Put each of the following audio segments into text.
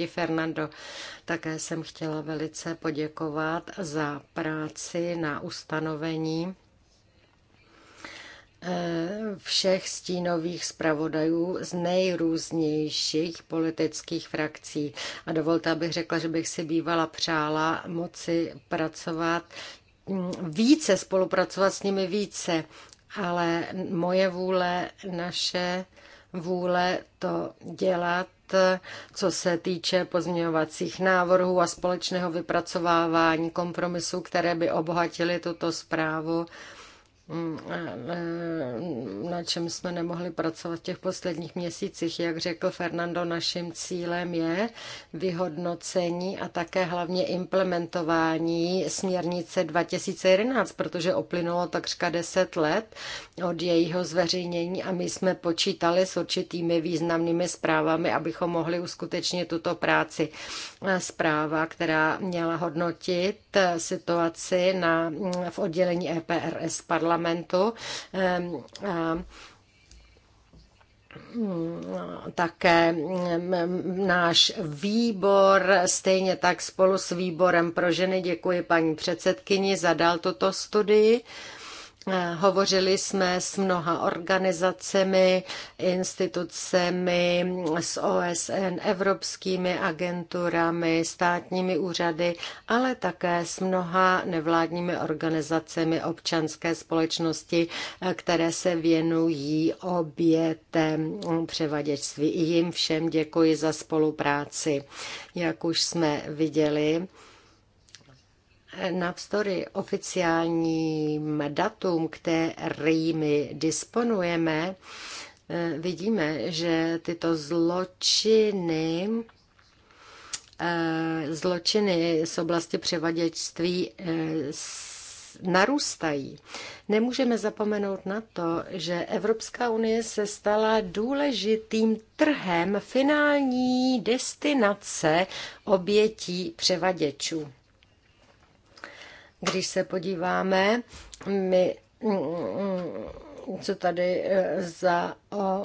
ti, Fernando. Také jsem chtěla velice poděkovat za práci na ustanovení eh, všech stínových zpravodajů z nejrůznějších politických frakcí. A dovolte, abych řekla, že bych si bývala přála moci pracovat hm, více, spolupracovat s nimi více, ale moje vůle, naše vůle to dělat co se týče pozměňovacích návrhů a společného vypracovávání kompromisů, které by obohatily tuto zprávu Mm, na čem jsme nemohli pracovat v těch posledních měsících. Jak řekl Fernando, naším cílem je vyhodnocení a také hlavně implementování směrnice 2011, protože oplynulo takřka 10 let od jejího zveřejnění a my jsme počítali s určitými významnými zprávami, abychom mohli uskutečnit tuto práci. Zpráva, která měla hodnotit eh, situaci na, v oddělení EPRS parlamentu, parlamentu mm, také náš výbor, stejně tak spolu s výborem pro ženy, děkuji paní předsedkyni, zadal tuto studii. Eh, hovořili jsme s mnoha organizacemi, institucemi, s OSN, evropskými agenturami, státními úřady, ale také s mnoha nevládními organizacemi občanské společnosti, eh, které se věnují obětem převaděčství. I jim všem děkuji za spolupráci. Jak už jsme viděli, Navzdory oficiálním datům, kterými disponujeme, eh, vidíme, že tyto zločiny eh, zločiny z oblasti převaděčství eh, narůstají. Nemůžeme zapomenout na to, že Evropská unie se stala důležitým trhem finální destinace obětí převaděčů. Když se podíváme, my, mm, mm, co tady eh, za o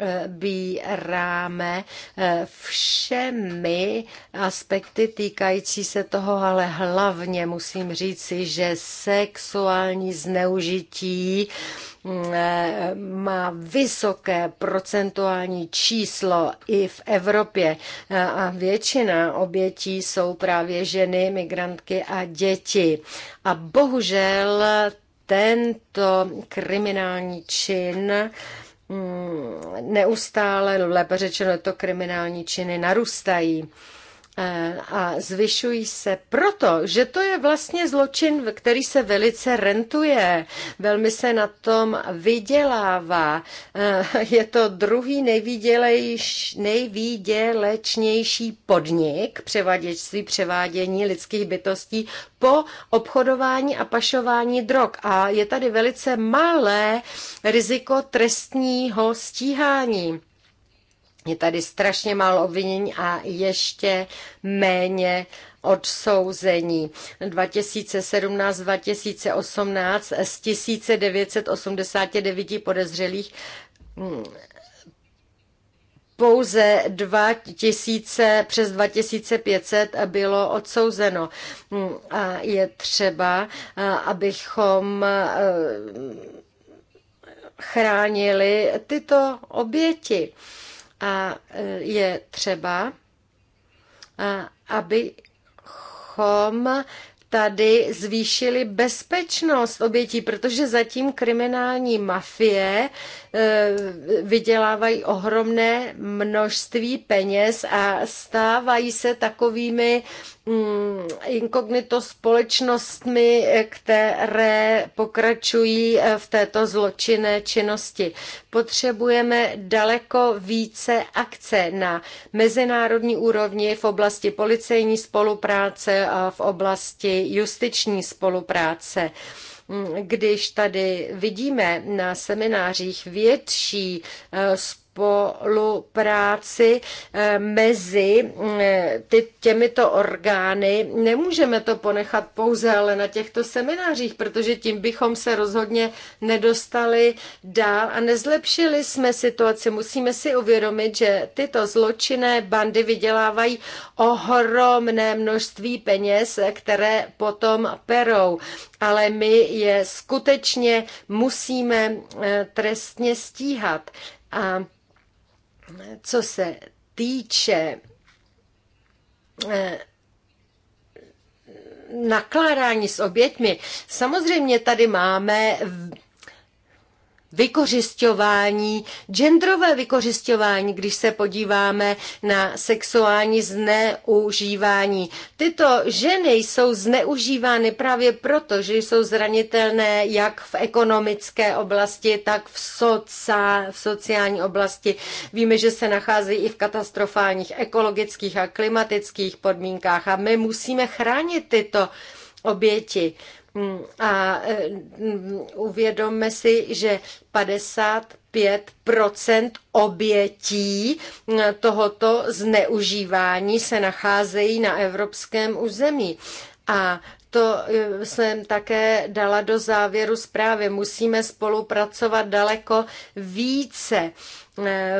probíráme eh, všemi aspekty týkající se toho, ale hlavně musím říci, že sexuální zneužití mm, eh, má vysoké procentuální číslo i v Evropě eh, a většina obětí jsou právě ženy, migrantky a děti. A bohužel tento kriminální čin Mm, neustále, lépe řečeno to kriminální činy narůstají. Eh, a zvyšují se proto, že to je vlastně zločin, který se velice rentuje, velmi se na tom vydělává. Eh, je to druhý nejvýdělečnější podnik převaděčství, převádění lidských bytostí po obchodování a pašování drog. A je tady velice malé riziko trestního stíhání je tady strašně málo obvinění a ještě méně odsouzení. 2017-2018 z 1989 podezřelých mm, pouze 2000, přes 2500 bylo odsouzeno. Mm, a je třeba, abychom e, chránili tyto oběti. A e, je třeba, abychom tady zvýšili bezpečnost obětí, protože zatím kriminální mafie vydělávají ohromné množství peněz a stávají se takovými mm, inkognito společnostmi, které pokračují eh, v této zločinné činnosti. Potřebujeme daleko více akce na mezinárodní úrovni v oblasti policejní spolupráce a v oblasti justiční spolupráce když tady vidíme na seminářích větší spolupráci, eh, spolupráci eh, mezi eh, těmito orgány. Nemůžeme to ponechat pouze ale na těchto seminářích, protože tím bychom se rozhodně nedostali dál a nezlepšili jsme situaci. Musíme si uvědomit, že tyto zločinné bandy vydělávají ohromné množství peněz, které potom perou. Ale my je skutečně musíme eh, trestně stíhat. A co se týče eh, nakládání s oběťmi. Samozřejmě tady máme vykořišťování, genderové vykořišťování, když se podíváme na sexuální zneužívání. Tyto ženy jsou zneužívány právě proto, že jsou zranitelné jak v ekonomické oblasti, tak v, soca, v sociální oblasti. Víme, že se nacházejí i v katastrofálních ekologických a klimatických podmínkách a my musíme chránit tyto oběti. A e, mm, uvědomme si, že 55 obětí mm, tohoto zneužívání se nacházejí na evropském území. A to e, jsem také dala do závěru zprávy. Musíme spolupracovat daleko více e,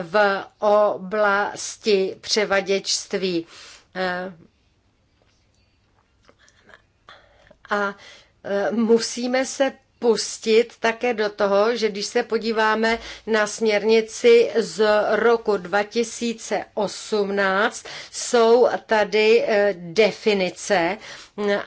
v oblasti převaděčství. A Eh, musíme se pustit také do toho, že když se podíváme na směrnici z roku 2018, jsou tady eh, definice,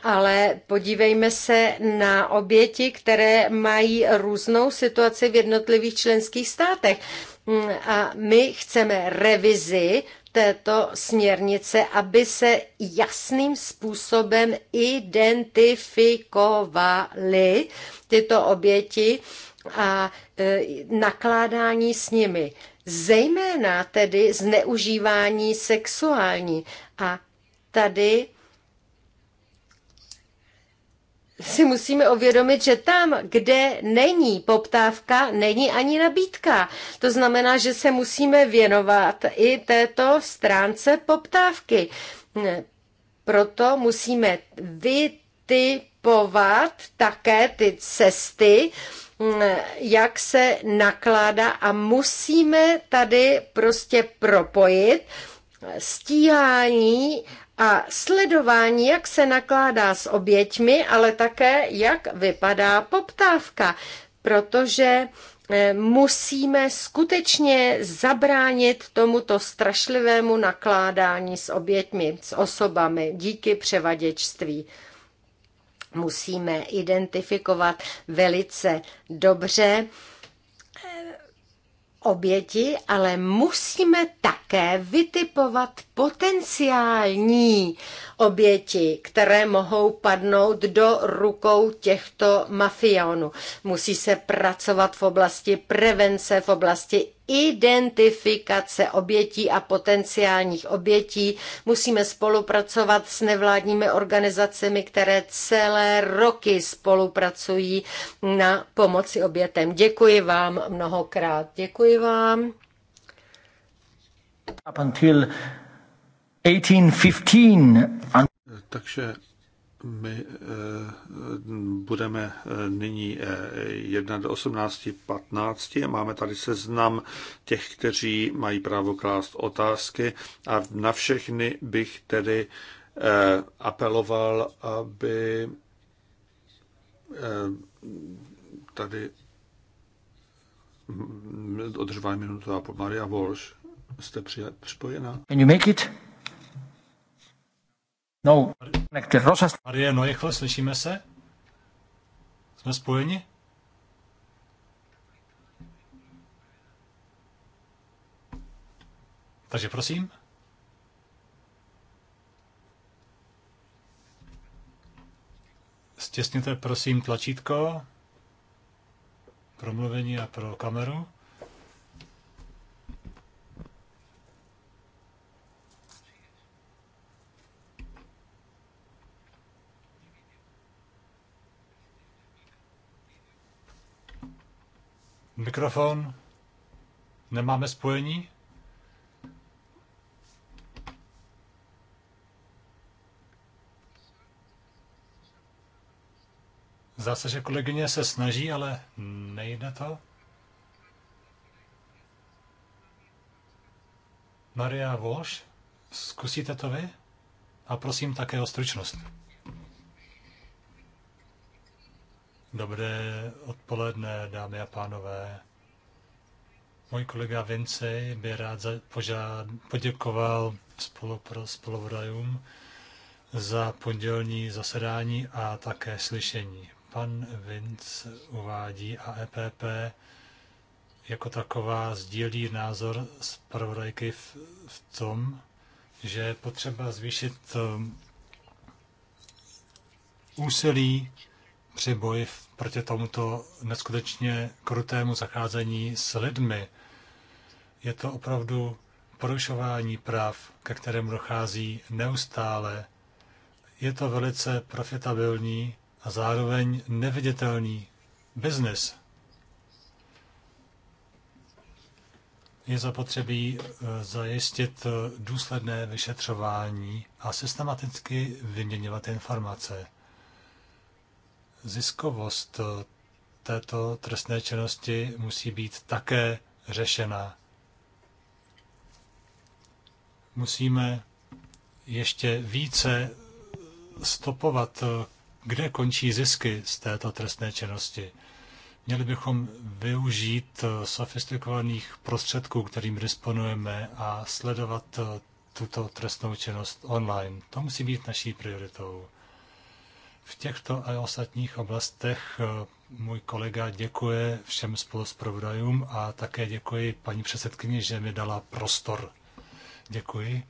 ale podívejme se na oběti, které mají různou situaci v jednotlivých členských státech. Mm, a my chceme revizi této směrnice, aby se jasným způsobem identifikovaly tyto oběti a e, nakládání s nimi. Zejména tedy zneužívání sexuální. A tady si musíme uvědomit, že tam, kde není poptávka, není ani nabídka. To znamená, že se musíme věnovat i této stránce poptávky. Proto musíme vytypovat také ty cesty, jak se nakládá a musíme tady prostě propojit stíhání a sledování, jak se nakládá s oběťmi, ale také jak vypadá poptávka, protože eh, musíme skutečně zabránit tomuto strašlivému nakládání s oběťmi, s osobami díky převaděčství. Musíme identifikovat velice dobře, oběti, ale musíme také vytipovat potenciální oběti, které mohou padnout do rukou těchto mafionů. Musí se pracovat v oblasti prevence, v oblasti identifikace obětí a potenciálních obětí. Musíme spolupracovat s nevládními organizacemi, které celé roky spolupracují na pomoci obětem. Děkuji vám mnohokrát. Děkuji vám. Up until 1815. Takže my eh, budeme eh, nyní eh, jednat do 18.15. Máme tady seznam těch, kteří mají právo klást otázky a na všechny bych tedy apeloval, aby tady mm, mm, održovali minutu a po Maria Walsh jste připojena. Can you make it? No, Rosas. Marie Neuchl, no, slyšíme se? Jsme spojeni? Takže prosím. Stěsněte prosím tlačítko pro mluvení a pro kameru. mikrofon? Nemáme spojení? Zase, že kolegyně se snaží, ale nejde to. Maria Walsh, zkusíte to vy? A prosím také o stručnost. Dobré odpoledne, dámy a pánové. Můj kolega Vince by rád za, požád, poděkoval spolu, spolovodajům za pondělní zasedání a také slyšení. Pan Vince uvádí a EPP jako taková sdílí názor z v, v tom, že je potřeba zvýšit um, úsilí při boji proti tomuto neskutečně krutému zacházení s lidmi. Je to opravdu porušování práv, ke kterému dochází neustále. Je to velice profitabilní a zároveň neviditelný biznis. Je zapotřebí eh, zajistit eh, důsledné vyšetřování a systematicky vyměňovat informace. Ziskovost eh, této trestné činnosti musí být také řešena musíme ještě více stopovat, eh, kde končí zisky z této trestné činnosti. Měli bychom využít eh, sofistikovaných prostředků, kterým disponujeme, a sledovat eh, tuto trestnou činnost online. To musí být naší prioritou. V těchto a ostatních oblastech můj kolega děkuje všem s a také děkuji paní předsedkyni, že mi dala prostor Děkuji.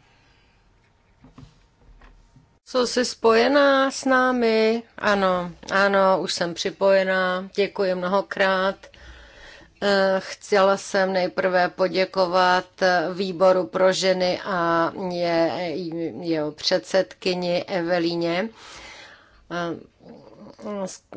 Co jsi spojená s námi? Ano, ano, už jsem připojená. Děkuji mnohokrát. Eh, chtěla jsem nejprve poděkovat eh, výboru pro ženy a je, jeho předsedkyni Evelíně eh,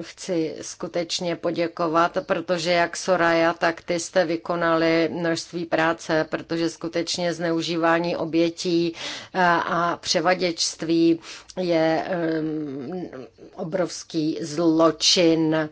chci skutečně poděkovat, protože jak Soraya, tak ty jste vykonali množství práce, protože skutečně zneužívání obětí eh, a převaděčství je obrovský zločin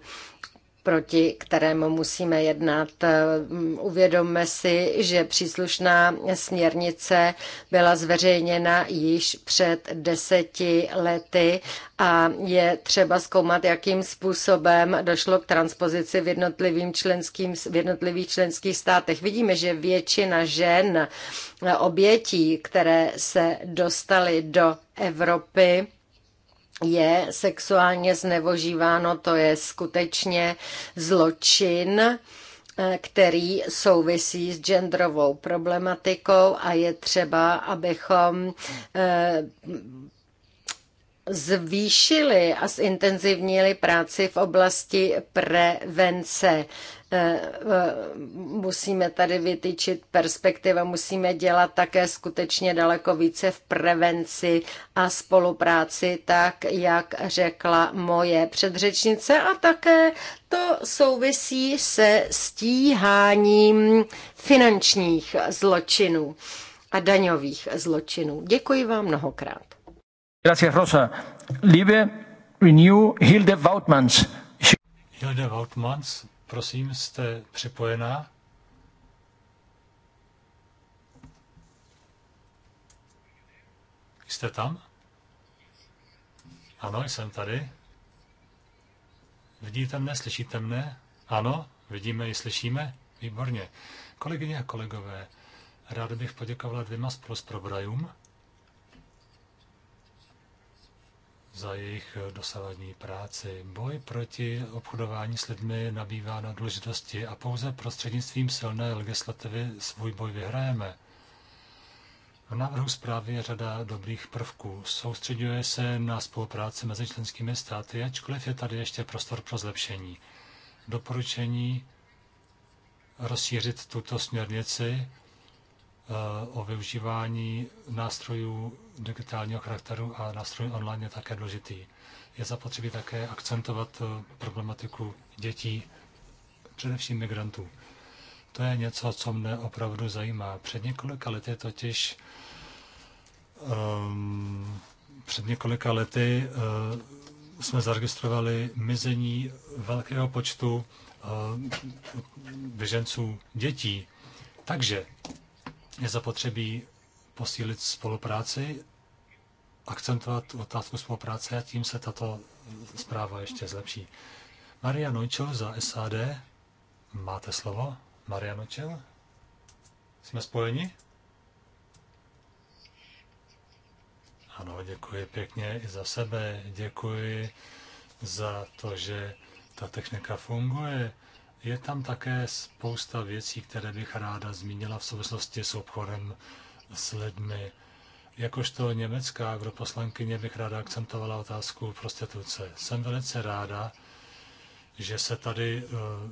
proti kterému musíme jednat. Ehm, uvědomme si, že příslušná směrnice byla zveřejněna již před deseti lety a je třeba zkoumat, jakým způsobem došlo k transpozici v, jednotlivým členským, v jednotlivých členských státech. Vidíme, že většina žen obětí, které se dostaly do Evropy, je sexuálně znevožíváno, to je skutečně zločin eh, který souvisí s genderovou problematikou a je třeba, abychom eh, zvýšili a zintenzivnili práci v oblasti prevence. Eh, eh, musíme tady vytýčit perspektiva, musíme dělat také skutečně daleko více v prevenci a spolupráci, tak jak řekla moje předřečnice a také to souvisí se stíháním finančních zločinů a daňových zločinů. Děkuji vám mnohokrát. Gracias, Rosa. Liebe Renew Hilde Wautmans. Hilde Wautmans, prosím, jste připojená? Jste tam? Ano, jsem tady. Vidíte mne, slyšíte mne? Ano, vidíme i slyšíme? Výborně. Kolegyně a kolegové, rád bych poděkovala dvěma spolusprovodajům, za jejich eh, dosavadní práci. Boj proti obchodování s lidmi nabývá na důležitosti a pouze prostřednictvím silné legislativy svůj boj vyhrajeme. V návrhu zprávy je řada dobrých prvků. Soustředuje se na spolupráci mezi členskými státy, ačkoliv je tady ještě prostor pro zlepšení. Doporučení rozšířit tuto směrnici Eh, o využívání nástrojů digitálního charakteru a nástrojů online je také důležitý. Je zapotřebí také akcentovat eh, problematiku dětí, především migrantů. To je něco, co mne opravdu zajímá. Před několika lety totiž um, před několika lety uh, jsme zaregistrovali mizení velkého počtu uh, běženců dětí. Takže je zapotřebí posílit spolupráci, akcentovat otázku spolupráce a tím se tato zpráva ještě zlepší. Maria Nojčil za SAD. Máte slovo? Maria Nojčil? Jsme spojeni? Ano, děkuji pěkně i za sebe. Děkuji za to, že ta technika funguje. Je tam také spousta věcí, které bych ráda zmínila v souvislosti s obchodem s lidmi. Jakožto německá europoslankyně bych ráda akcentovala otázku prostituce. Jsem velice ráda, že se tady e,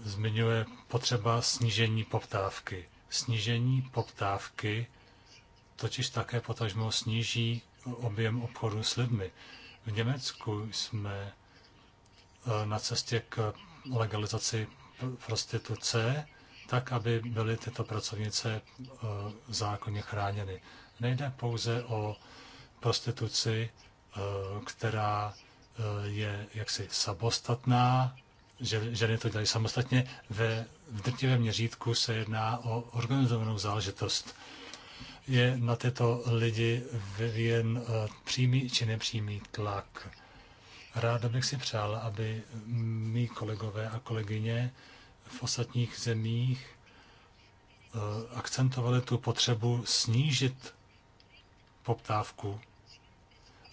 zmiňuje potřeba snížení poptávky. Snížení poptávky totiž také potažmo sníží objem obchodu s lidmi. V Německu jsme eh, na cestě k legalizaci prostituce, tak, aby byly tyto pracovnice eh, zákonně chráněny. Nejde pouze o prostituci, eh, která eh, je jaksi samostatná, že ženy to dělají samostatně. Ve drtivém měřítku se jedná o organizovanou záležitost. Je na tyto lidi vyvíjen přímý či nepřímý tlak. Ráda bych si přála, aby mý kolegové a kolegyně v ostatních zemích eh, akcentovali tu potřebu snížit poptávku.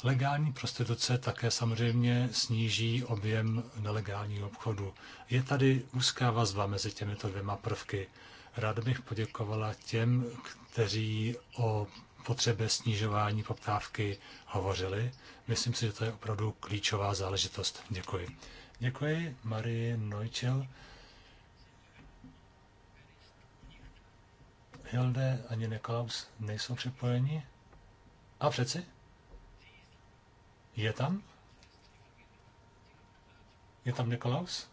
Legální prostituce také samozřejmě sníží objem nelegálního obchodu. Je tady úzká vazba mezi těmito dvěma prvky. Ráda bych poděkovala těm, kteří o potřebě snižování poptávky hovořili. Myslím si, že to je opravdu klíčová záležitost. Děkuji. Děkuji Marie Neuchel. Hilde ani Nikolaus nejsou připojeni. A přeci? Je tam? Je tam Nikolaus?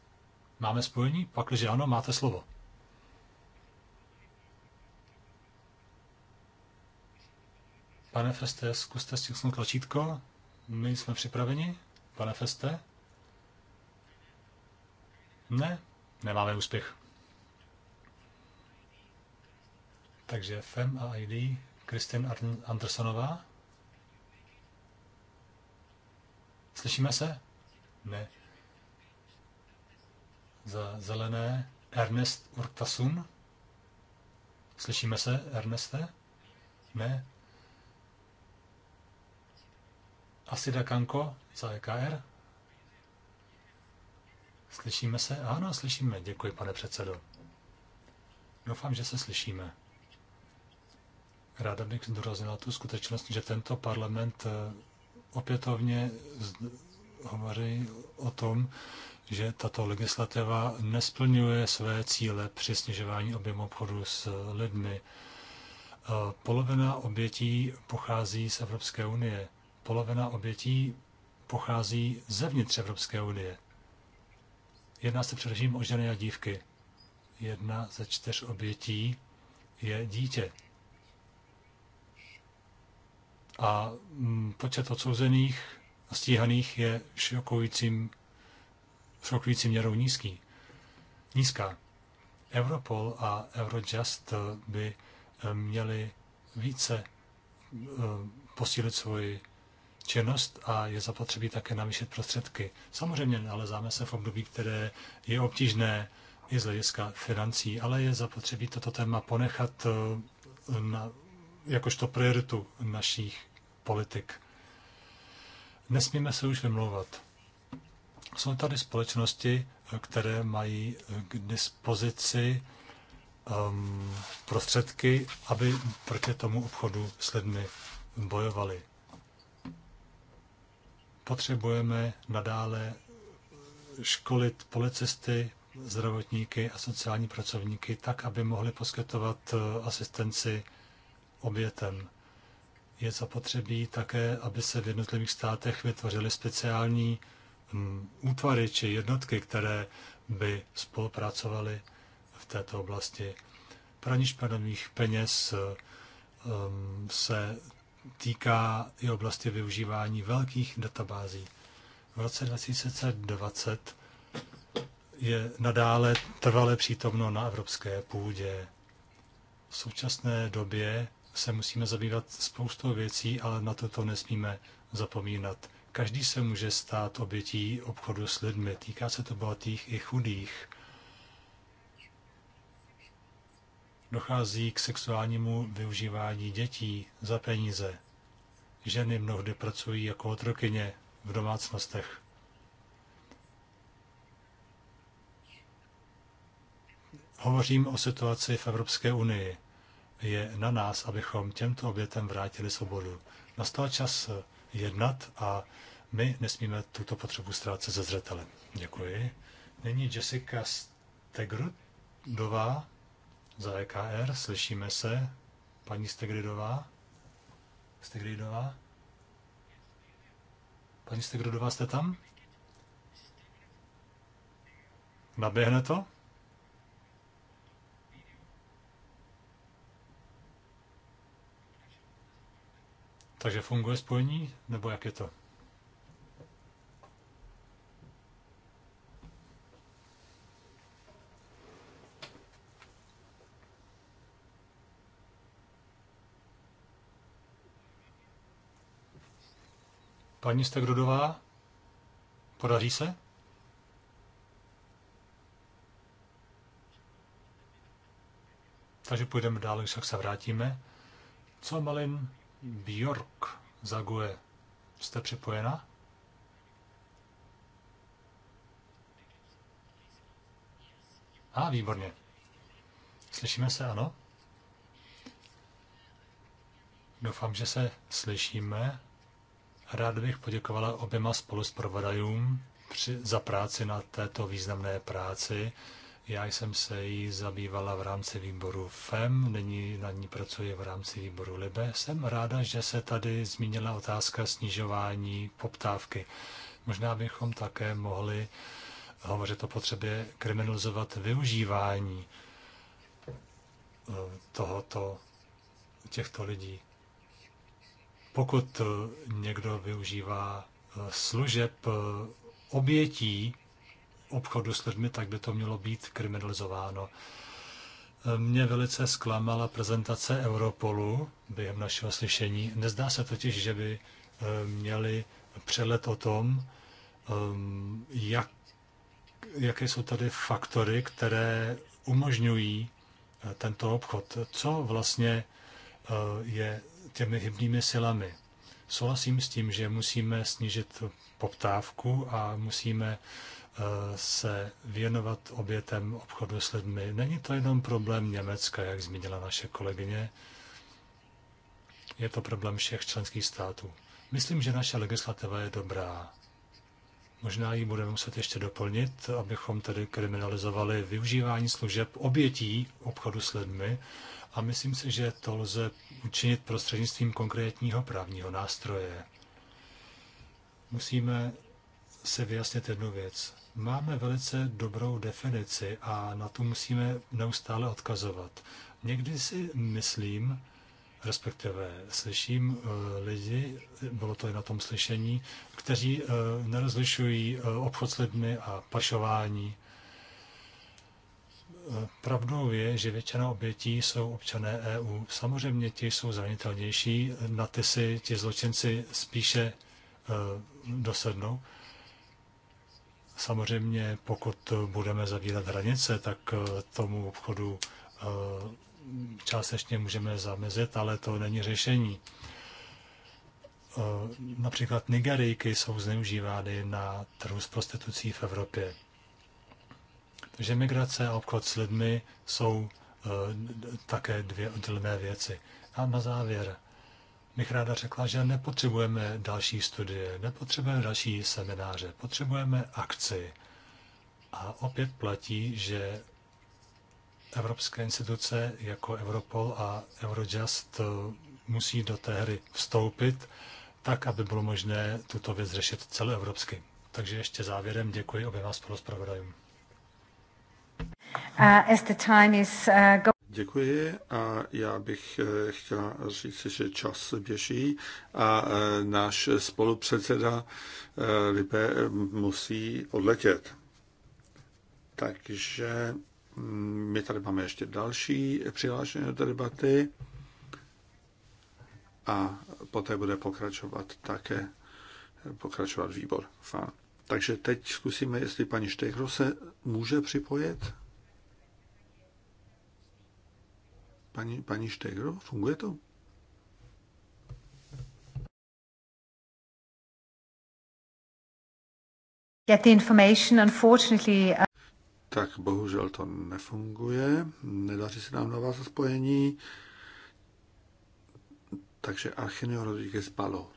Máme spojení? Pak že ano, máte slovo. Pane Feste, zkuste stisknout tlačítko. My jsme připraveni. Pane Feste? Ne, nemáme úspěch. Takže FEM a ID Kristin Andersonová. Slyšíme se? Ne. Za zelené Ernest Urtasun. Slyšíme se, Erneste? Ne. Asida Kanko za EKR. Slyšíme se? Ano, slyšíme. Děkuji, pane předsedo. Doufám, že se slyšíme. Ráda bych zdůraznila tu skutečnost, že tento parlament eh, opětovně hovoří o tom, že tato legislativa nesplňuje své cíle při snižování objemu obchodu s lidmi. Eh, polovina obětí pochází z Evropské unie. Polovina obětí pochází zevnitř Evropské unie. Jedná se především o ženy a dívky. Jedna ze čtyř obětí je dítě. A mm, počet odsouzených a stíhaných je šokujícím, šokujícím měrou nízký. Nízká. Europol a Eurojust by eh, měli více eh, posílit svoji činnost a je zapotřebí také navýšit prostředky. Samozřejmě nalezáme se v období, které je obtížné i z hlediska financí, ale je zapotřebí toto téma ponechat eh, na, jakožto prioritu našich politik. Nesmíme se už vymlouvat. Jsou tady společnosti, eh, které mají eh, k dispozici um, prostředky, aby proti tomu obchodu s lidmi bojovali. Potřebujeme nadále školit policisty, zdravotníky a sociální pracovníky tak, aby mohli poskytovat eh, asistenci obětem. Je zapotřebí také, aby se v jednotlivých státech vytvořily speciální hm, útvary či jednotky, které by spolupracovaly v této oblasti. Praní špinavých peněz eh, hm, se týká i oblasti využívání velkých databází. V roce 2020 je nadále trvale přítomno na evropské půdě. V současné době se musíme zabývat spoustou věcí, ale na to to nesmíme zapomínat. Každý se může stát obětí obchodu s lidmi. Týká se to bohatých i chudých. Dochází k sexuálnímu využívání dětí za peníze. Ženy mnohdy pracují jako otrokyně v domácnostech. Hovořím o situaci v Evropské unii. Je na nás, abychom těmto obětem vrátili svobodu. Nastal čas jednat a my nesmíme tuto potřebu ztrácet ze zřetele. Děkuji. Nyní Jessica Stegrudová za EKR, slyšíme se. Paní Stegridová? Stegridová? Paní Stegridová, jste tam? Naběhne to? Takže funguje spojení, nebo jak je to? Paní Stegrudová, podaří se? Takže půjdeme dál, když se vrátíme. Co Malin Bjork zaguje? Jste připojena? A, ah, výborně. Slyšíme se, ano? Doufám, že se slyšíme. Rád bych poděkovala oběma spoluzprovodajům za práci na této významné práci. Já jsem se jí zabývala v rámci výboru FEM, nyní na ní pracuji v rámci výboru LIBE. Jsem ráda, že se tady zmínila otázka snižování poptávky. Možná bychom také mohli hovořit o potřebě kriminalizovat využívání eh, tohoto, těchto lidí. Pokud eh, někdo využívá eh, služeb eh, obětí obchodu s lidmi, tak by to mělo být kriminalizováno. Mě velice zklamala prezentace Europolu během našeho slyšení. Nezdá se totiž, že by měli přelet o tom, ehm, jak, jaké jsou tady faktory, které umožňují tento obchod. Co vlastně je těmi hybnými silami. Souhlasím s tím, že musíme snížit poptávku a musíme eh, se věnovat obětem obchodu s lidmi. Není to jenom problém Německa, jak zmínila naše kolegyně, je to problém všech členských států. Myslím, že naše legislativa je dobrá. Možná ji budeme muset ještě doplnit, abychom tedy kriminalizovali využívání služeb obětí obchodu s lidmi a myslím si, že to lze učinit prostřednictvím konkrétního právního nástroje. Musíme se vyjasnit jednu věc. Máme velice dobrou definici a na tu musíme neustále odkazovat. Někdy si myslím, respektive slyším eh, lidi, bylo to i na tom slyšení, kteří eh, nerozlišují eh, obchod s lidmi a pašování. Pravdou je, že většina obětí jsou občané EU. Samozřejmě ti jsou zranitelnější, na ty si ti zločinci spíše dosednou. Samozřejmě, pokud budeme zavírat hranice, tak tomu obchodu částečně můžeme zamezit, ale to není řešení. Eh, například Nigerijky jsou zneužívány na trhu s prostitucí v Evropě. Takže migrace a obchod s lidmi jsou eh, také dvě oddělené věci. A na závěr bych ráda řekla, že nepotřebujeme další studie, nepotřebujeme další semináře, potřebujeme akci. A opět platí, že evropské instituce jako Europol a Eurojust eh, musí do té hry vstoupit, tak, aby bylo možné tuto věc řešit celoevropsky. Takže ještě závěrem děkuji oběma spoluzpravodajům. Uh, uh, děkuji a já bych eh, chtěla říct, že čas běží a eh, náš spolupředseda Lipe musí odletět. Takže Mm, my tady máme ještě další přihlášení do debaty a poté bude pokračovat také pokračovat výbor. Fán. Takže teď zkusíme, jestli paní Štechro se může připojit. Paní, paní Štegro, funguje to? Get the information, unfortunately. Uh, tak bohužel to nefunguje, nedaří se nám nová spojení. Takže Archinio Rodríguez Palo.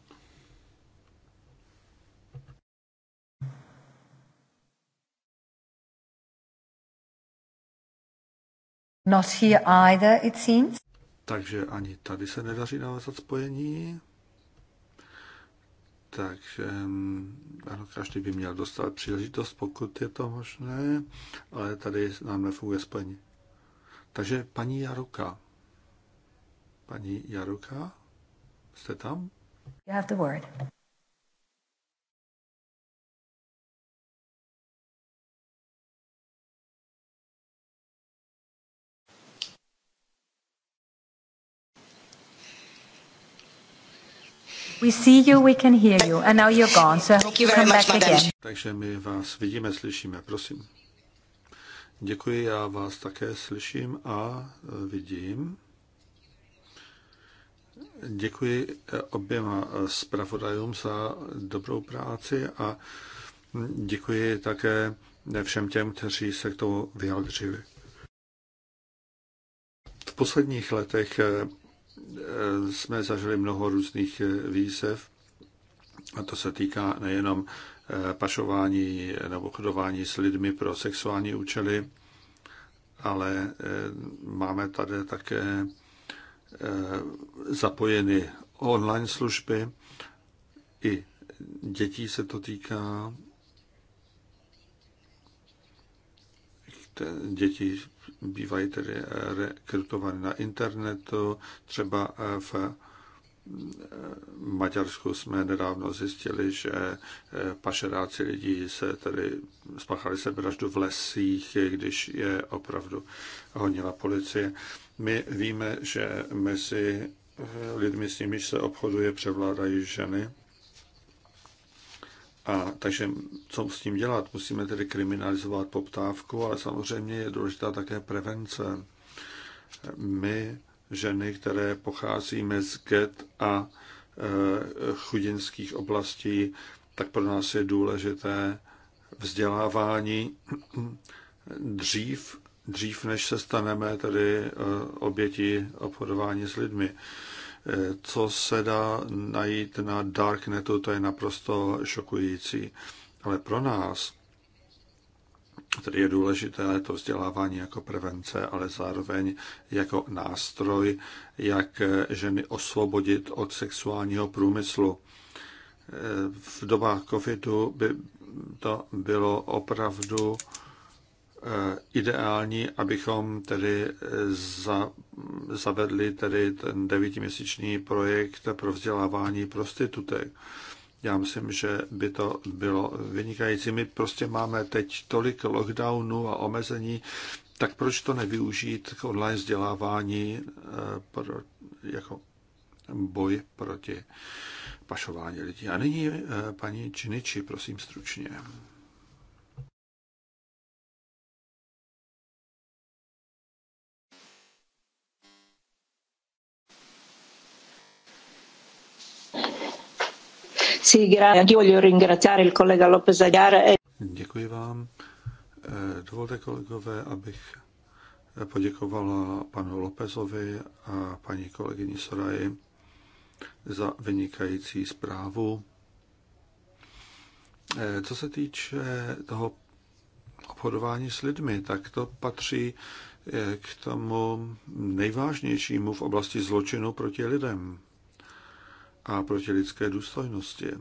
Not here either, it seems. Takže ani tady se nedaří navázat spojení. Takže mm, ano, každý by měl dostat příležitost, pokud je to možné, ale tady nám nefunguje spojení. Takže paní Jaruka. Paní Jaruka, jste tam? You have the word. We see you, we can hear you, and now you're gone, so hope you come back again. Takže my vás vidíme, slyšíme, prosím. Děkuji, já vás také slyším a e, vidím. Děkuji e, oběma e, zpravodajům za dobrou práci a děkuji také všem těm, kteří se k tomu vyjádřili. V posledních letech jsme zažili mnoho různých eh, výsev, a to se týká nejenom eh, pašování nebo chodování s lidmi pro sexuální účely, ale eh, máme tady také zapojeny online služby. I dětí se to týká. Děti Bývají tedy eh, rekrutovány na internetu, třeba eh, v eh, Maďarsku jsme nedávno zjistili, že pašeráci lidí se tedy spáchali se vraždu v lesích, když je opravdu honila policie. My víme, že mezi lidmi, s nimiž se obchoduje, převládají ženy. A, takže co s tím dělat? Musíme tedy kriminalizovat poptávku, ale samozřejmě je důležitá také prevence. My, ženy, které pocházíme z get a e, chudinských oblastí, tak pro nás je důležité vzdělávání dřív, dřív než se staneme tedy e, oběti obchodování s lidmi. Eh, co se dá najít na darknetu, to je naprosto šokující. Ale pro nás, tedy je důležité to vzdělávání jako prevence, ale zároveň jako nástroj, jak eh, ženy osvobodit od sexuálního průmyslu. Eh, v dobách covidu by to bylo opravdu Eh, ideální, abychom tedy eh, za, zavedli tedy ten devítiměsíční projekt pro vzdělávání prostitutek. Já myslím, že by to bylo vynikající. My prostě máme teď tolik lockdownů a omezení, tak proč to nevyužít k online vzdělávání eh, pro, jako boj proti pašování lidí. A nyní paní Činiči, prosím stručně. E Děkuji vám. Eh, dovolte kolegové, abych eh, poděkovala panu Lopezovi a paní kolegyni Soraji za vynikající zprávu. Eh, co se týče toho obchodování s lidmi, tak to patří k tomu nejvážnějšímu v oblasti zločinu proti lidem a proti lidské důstojnosti.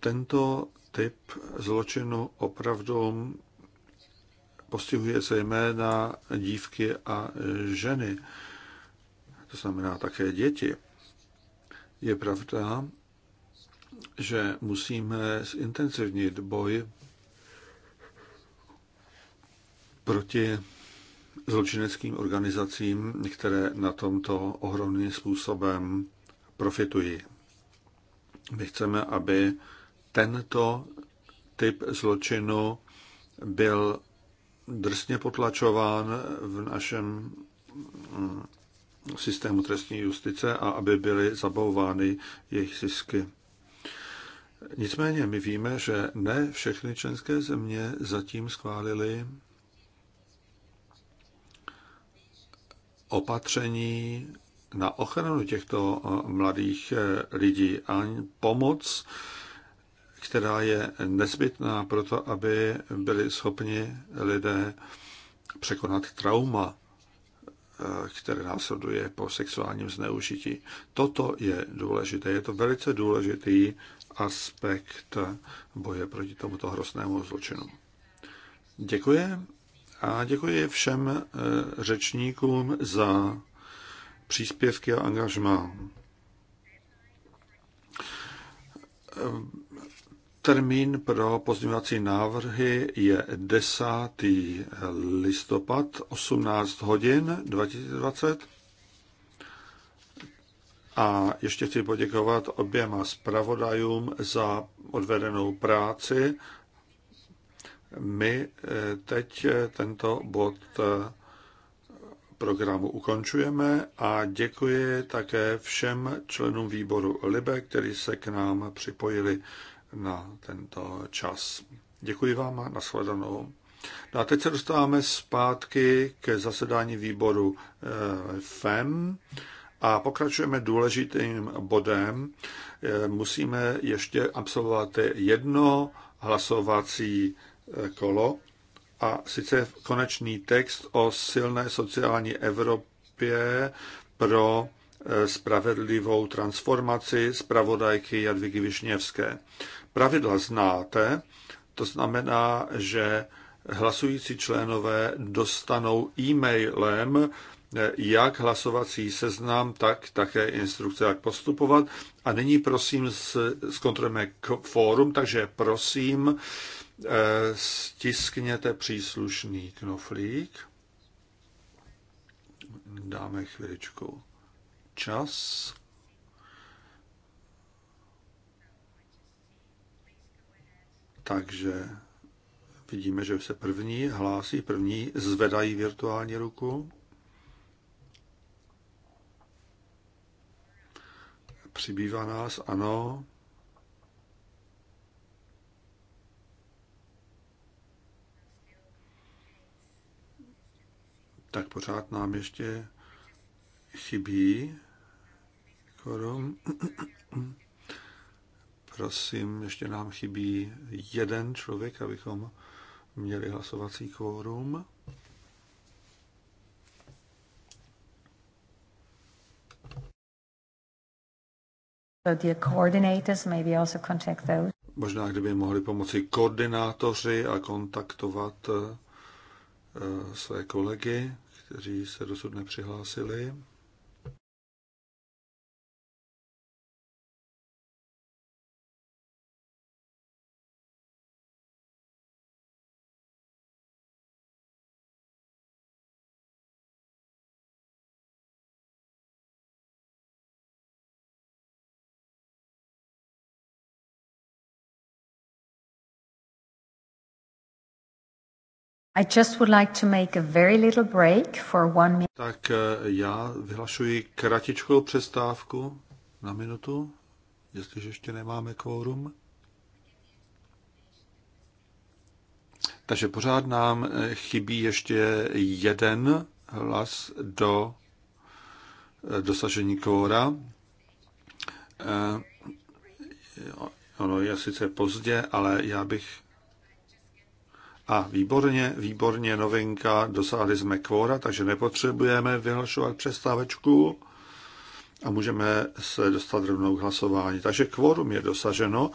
Tento typ zločinu opravdu postihuje zejména dívky a ženy, to znamená také děti. Je pravda, že musíme zintenzivnit boj proti zločineckým organizacím, které na tomto ohromným způsobem profitují. My chceme, aby tento typ zločinu byl drsně potlačován v našem mm, systému trestní justice a aby byly zabavovány jejich zisky. Nicméně my víme, že ne všechny členské země zatím schválili opatření na ochranu těchto eh, mladých eh, lidí a pomoc, která je nezbytná pro to, aby byli schopni lidé překonat trauma, eh, které následuje po sexuálním zneužití. Toto je důležité. Je to velice důležitý aspekt boje proti tomuto hroznému zločinu. Děkuji a děkuji všem eh, řečníkům za příspěvky a angažmá. Eh, termín pro pozměňovací návrhy je 10. listopad 18 hodin 2020. A ještě chci poděkovat oběma zpravodajům za odvedenou práci my eh, teď eh, tento bod eh, programu ukončujeme a děkuji také všem členům výboru LIBE, kteří se k nám připojili na tento čas. Děkuji vám a nashledanou. No a teď se dostáváme zpátky k zasedání výboru FEM a pokračujeme důležitým bodem. Musíme ještě absolvovat jedno hlasovací Eh, kolo, a sice konečný text o silné sociální Evropě pro eh, spravedlivou transformaci zpravodajky Jadvigy Višněvské. Pravidla znáte, to znamená, že hlasující členové dostanou e-mailem eh, jak hlasovací seznam, tak také instrukce, jak postupovat. A nyní prosím zkontrolujeme fórum, takže prosím, Eh, stiskněte příslušný knoflík. Dáme chviličku čas. Takže vidíme, že se první hlásí, první zvedají virtuální ruku. Přibývá nás, ano. tak pořád nám ještě chybí korum. Prosím, ještě nám chybí jeden člověk, abychom měli hlasovací kvórum. Možná, kdyby mohli pomoci koordinátoři a kontaktovat Eh, své kolegy, kteří se dosud nepřihlásili. I just would like to make a very little break for one minute. Tak eh, já vyhlašuji kratičkou přestávku na minutu, jestliže ještě nemáme kvórum. Takže pořád nám eh, chybí ještě jeden hlas do eh, dosažení kvóra. Ono je sice pozdě, ale já bych a výborně, výborně novinka, dosáhli jsme kvóra, takže nepotřebujeme vyhlašovat přestávečku a můžeme se dostat rovnou k hlasování. Takže kvórum je dosaženo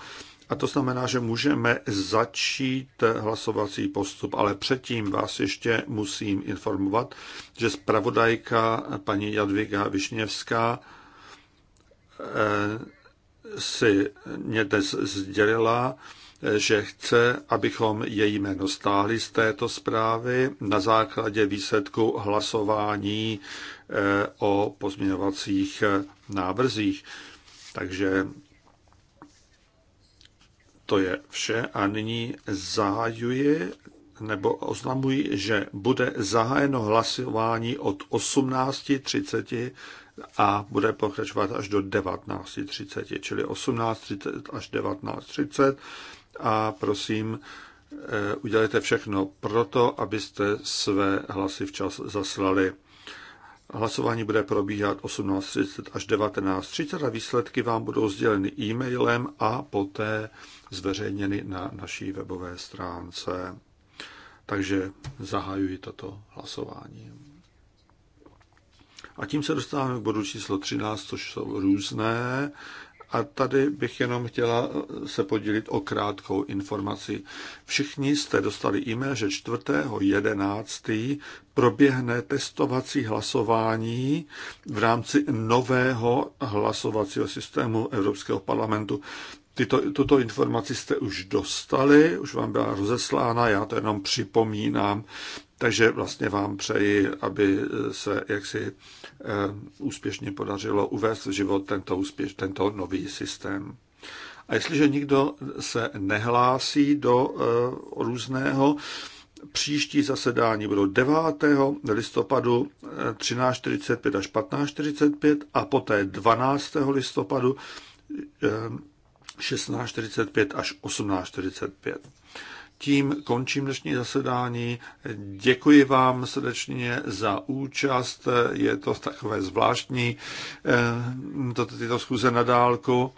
a to znamená, že můžeme začít hlasovací postup, ale předtím vás ještě musím informovat, že zpravodajka paní Jadviga Višněvská eh, si mě dnes sdělila, že chce, abychom její jméno stáhli z této zprávy na základě výsledku hlasování eh, o pozměňovacích eh, návrzích. Takže to je vše a nyní zahajuji nebo oznamuji, že bude zahájeno hlasování od 18.30 a bude pokračovat až do 19.30, čili 18.30 až 19.30 a prosím, eh, udělejte všechno proto, abyste své hlasy včas zaslali. Hlasování bude probíhat 18.30 až 19.30 a výsledky vám budou sděleny e-mailem a poté zveřejněny na naší webové stránce. Takže zahajuji toto hlasování. A tím se dostáváme k bodu číslo 13, což jsou různé. A tady bych jenom chtěla eh, se podělit o krátkou informaci. Všichni jste dostali e-mail, že 4.11. proběhne testovací hlasování v rámci nového hlasovacího systému Evropského parlamentu. Tyto, tuto informaci jste už dostali, už vám byla rozeslána, já to jenom připomínám, takže vlastně vám přeji, aby se jaksi eh, úspěšně podařilo uvést v život tento, úspěš, tento nový systém. A jestliže nikdo se nehlásí do eh, různého, příští zasedání budou 9. listopadu 13.45 eh, až 15.45 a poté 12. listopadu 16.45 až 18.45. Tím končím dnešní zasedání. Děkuji vám srdečně za účast. Je to takové zvláštní, eh, to, tyto schůze na dálku,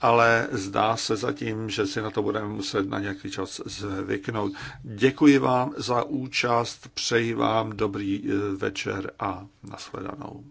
ale zdá se zatím, že si na to budeme muset na nějaký čas zvyknout. Děkuji vám za účast, přeji vám dobrý eh, večer a nashledanou.